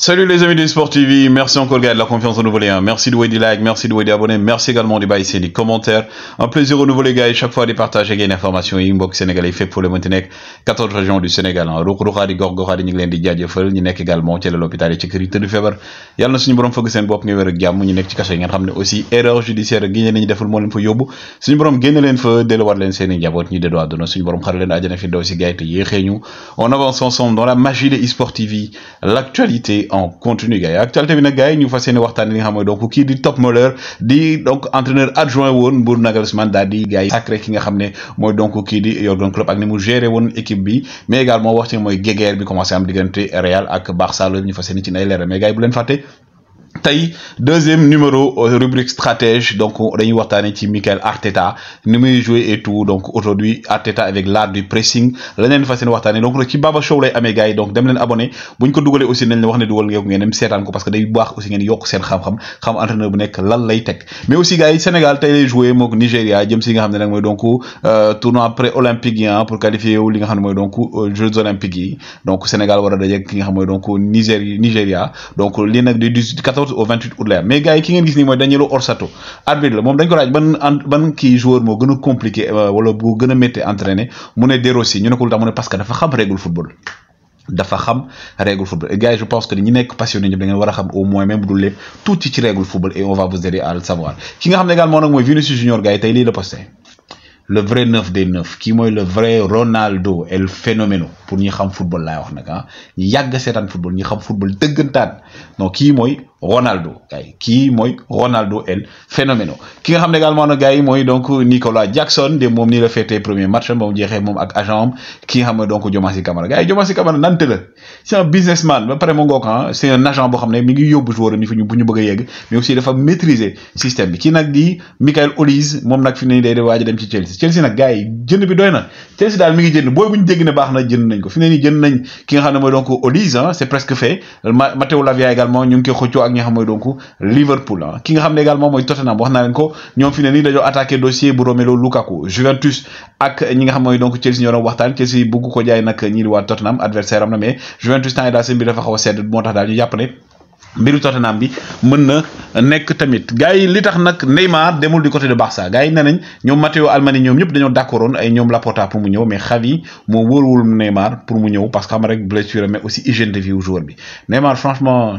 Salut les amis de Sport TV, merci encore gars de la confiance renouvelée. nouveau hein. Merci de vous des likes, merci de vous des abonnés, merci également de baisser des commentaires. Un plaisir au nouveau les gars et chaque fois de partager des informations inbox sénégalais fait pour le Monténègre, 14 régions du Sénégal. Roukrouxa di gorgora di ñu ngi leen di jaajëfal ñu nekk également ci l'hôpital et ci du yi tëdd feebar. Yàlla na suñu borom fëgg seen bopp nga wér ak jàmm ñu nekk ci kaso yi ngeen aussi erreur judiciaire Guinéen ñu deful moo leen fa yóbbu. Suñu borom génn leen fa delluwaat leen seen i njaboot ñu dédoo àdduna suñu borom xare leen àjjana fi daw si gars yi On avance ensemble dans la magie des Sport TV, l'actualité en continue gars yi actualité bi nag gars ñu fas yéene waxtaan li nga xamé donc ki di Top Muller di donc entraîneur adjoint woon Bour Nagelsmann da di gars sacré ki nga xamné moy donc ki di Jürgen club ak ni mu géré woon équipe bi mais également wax ci mooy guéguerre bi commencé am diggante Real ak Barça loolu ñu fas yéene ci nay leeral mais gars bu len faté tay deuxième numéro euh, rubrique stratège donc dañuy waxtaanee ci Mikel Arteta ni muy jouer et tout donc aujourd'hui Arteta avec l'art du pressing leneen fas yéene waxtaanee donc ci Baba Show lay amé gay donc dem leen abonné buñ ko dougalé aussi nañ la wax ne dugal ngeen ngeen dem ko parce que day bax aussi ngeen yok sen xam-xam xam entraîneur bu nek lan lay teg mais aussi gay Sénégal tay lay jouer mok Nigeria jëm si nga xamné ne nag donc euh, tournoi pré olympique hein pour qualifier wu li nga xamné moy donc euh, Jeux olympiques donc Sénégal wara dajé ki nga xamné moy donc Nigeria Nigeria donc lii nag di 14 14 au 28 août la yam mais gars yi ki ngeen gis nii mooy Danilo Orsato arbitre la moom dañ ko laaj ban ban kii joueur moo gën a compliqué euh, wala bu gën a métti entraîné mu ne De Rossi ñu ne ko lu tax mu ne parce que dafa xam règle football dafa xam règle football et gars yi je pense que ñi nekk passionné ñëpp da ngeen war xam au moins même bu tout lépp ci règle football et on va vous aider à le savoir ki nga xam ne également nag mooy Vinicius Junior gars yi tey lii la posté le vrai 9 des 9, kii mooy le vrai Ronaldo el phénomène pour ñi xam football laay wax nag ah ñi yàgg football ñi xam football dëggantaan non kii mooy Ronaldo gars ki moy Ronaldo El Phénoméno ki nga xam également nag gars yi donc Nicolas Jackson de mom ni la fété premier match mom jexé mom ak agent ki xam donc Diomansy Camara gars yi Diomansy camara, nante la c'est un businessman ba pare mu ah, c'est un agent bo xamné mi ngi yobbu joueur ni fi ñu bëgg yegg mais aussi dafa maîtriser système bi ki nak di Michael Olise mom nak fini ne day waaj dem ci Chelsea Chelsea nak gars yi jënd bi doyna Chelsea dal mi ngi jënd boy buñu dégg ne baxna jënd nañ ko fini ni jënd nañ ki nga xamné moy donc Olise hein c'est presque fait Matteo Lavia également ñu ngi koy ak ñi nga xam donc Liverpool ah ki nga xam également moy Tottenham wax naa leen ko ñom fi né ni dañu attaqué dossier bu Romelu Lukaku Juventus ak ñi nga xam donc Chelsea ñoro doon waxtaan Chelsea bugg ko jaay nak ñi di wa Tottenham adversaire am na mais Juventus tan yi daal seen bi dafa xaw a sedd moo tax ñu jàpp ne mbiru Tottenham bi mën na nekk tamit gaay li tax nak Neymar demul du côté de Barça gaay yi nee nañ ñoom Matteo Almani ñoom ñëpp dañoo d'accordoon ay ñoom Laporta pour mu ñëw mais Xavi mo wóorwul Neymar pour mu ñëw parce que am rek blessure mais aussi hygiène de vie joueur bi Neymar franchement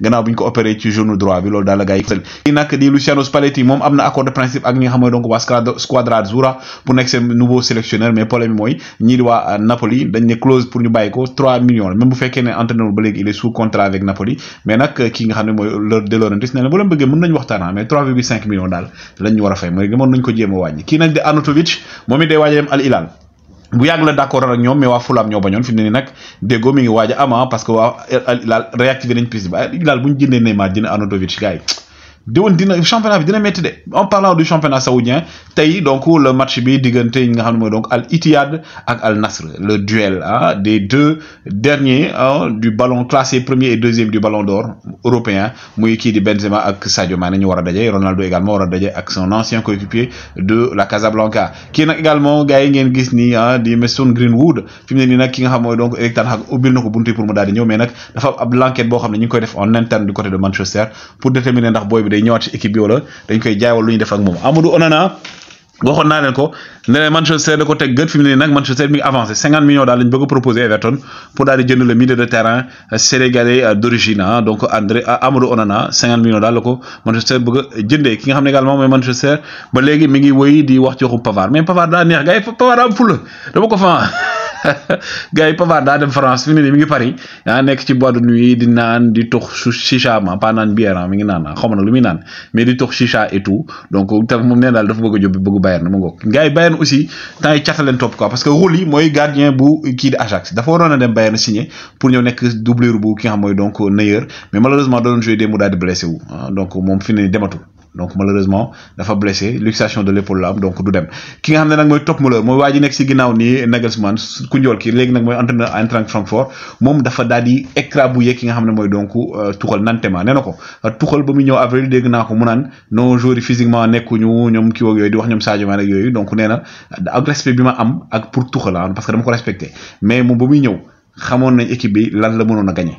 gannaaw bu ñu ko opéré ci genou droit bi loolu daal la gars yi kii nag di Luciano Spalletti moom am na accord de principe ak ñi nga xam mooy donc waa Squadra Azzurra pour nekk seen mais problème mooy ñii di waa Napoli dañ ne clause pour ñu bàyyi ko 3 millions même bu fekkee ne entraîneur ba léegi il est sous contrat avec Napoli mais nag ki nga xam ne mooy leur De Laurentiis nee bëggee mën nañu waxtaan ah, mais 3,5 millions daal lañ a fay mooy mën nañ ko a wàññi kii nag di a dem bu yàgg la d'accord ak ñoom mais waa Fulaam ñoo bañoon fi mu ne nii nag déggoo mi ngi waaj a ah, parce que waa euh, euh, réactivé nañ piste bi ah, daal bu ñu jëndee Neymar jënd Arnautovic gars yi déwén dina championnat bi dina metti de en parlant du championnat saoudien tay donc le match bi diganté yi nga xam donc Al Ittihad ak Al Nasr le duel hein, des deux derniers hein, du ballon classé premier et deuxième du ballon d'or européen muy ki di Benzema ak Sadio Mané ñu wara dajé Ronaldo également wara dajé ak son ancien coéquipier de la Casablanca kii nag également gars yi ngeen gis ni ah hein, di Mason Greenwood fi mu nak ki nga xam donc Eric Ten Hag ubbil buntu pour mu daal ñew mais nak dafa am ab enquête bo xamné ñu koy def en interne du côté de Manchester pour déterminer ndax boy bi day ñëwaat ci équipe bi wala dañ koy jaay wala lu ñu def ak moom Amadou Onana waxoon naa leen ko ne Manchester da ko teg gët fi nak Manchester mi ngi avancé 50 millions dal lañ bëgg proposer Everton pour dal di jënd le milieu de terrain sénégalais d'origine ah, donc André ah, Amadou Onana 50 millions dal la ko Manchester bëgg jëndé ki nga xamné ne également mooy Manchester ba légui mi ngi wëy di wax ci waxu Pavard mais Pavard da neex gay yi Pavard am fula dama ko fan gay yi Pavard daa dem France fi mu mi ngi Paris ah nekk ci boîte de nuit di nan di tox chicha ma ah, pas nan bière mi ngi nan xaw ma lu mi nan mais di tux chicha et tout donc tam moom nee daal dafa bëgg jobbi bëgg Bayern mu ngoog gars aussi temps yi topp quoi parce que Rulli mooy gardien bu kii Ajax dafa waroon a dem Bayern signé pour ñëw nekk doublure bu ki xam mooy donc Neuer mais malheureusement doon joué mu daal di blessé ah, moom fi ne donc malheureusement dafa blessé luxation de l'épaule la donc du dem ki nga xamné nak moy top Topp Müller mooy waa ji nekk si ginnaaw nii Nagelsmann ku njool ki légui nak moy entraîneur Eintracht Francfort moom dafa daal di écrabouillé ki nga xamné moy donc euh, Tuchel Nantema nee na ko Tuchel ba mu ñëw avril dégg naa ko mu nan non joueurs yi physiquement nekkuñu ñoom kii woog yooyu di wax ñom Sadio Mané ak yooyu donc nee ak respect bima am ak pour Tuchel ah, parce que dama ko respecter mais mom bu mi ñew xamone nañ équipe bi lan la mënon na gagner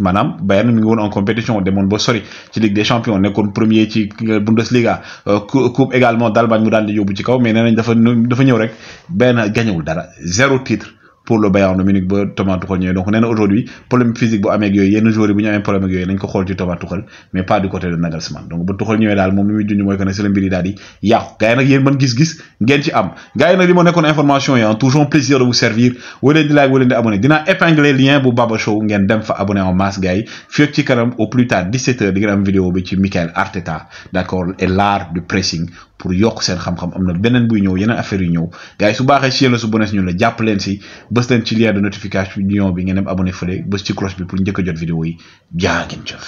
manam Bayern mi ngi woon en compétition demoon bo sori ci Ligue des champions nekone premier ci Bundesliga euh, coupe également d'albanie mu daan di yóbbu ci kaw mais nee dafa dafa ñew rek ben gagnewul dara zéro titre pour le Bayern de Munich ba Thomas Tuchel donc on est aujourd'hui problème physique bu amé ak yoy yenn joueur yi bu ñu amee problème ak yoy nañ ko xol ci Thomas Tuchel mais pas du côté de Nagelsmann donc pour Tuchel ñëwé dal mom li muy junj mooy que ne si la mbir yi di yàqu gars nak yeen man gis-gis ngeen ci am gars nak li mo nekkone information yi en hein, toujours plaisir de vous servir wala di like wala di abonné dina épingler lien bu Baba Show ngeen dem fa abonné en masse gars yi ci kanam au plus tard 17h di ngeen am vidéo bi ci Michael Arteta d'accord et l'art du pressing pour yokk seen xam-xam am na beneen buy ñëw yeneen affaire yu ñëw gars yi su baaxee si yéen la su bonee si ñun la jàpp leen si bës leen ci lien de notification bi ngeen dem fële bës ci cloche bi pour njëkk a jot vidéo yi jaa ngeen jëf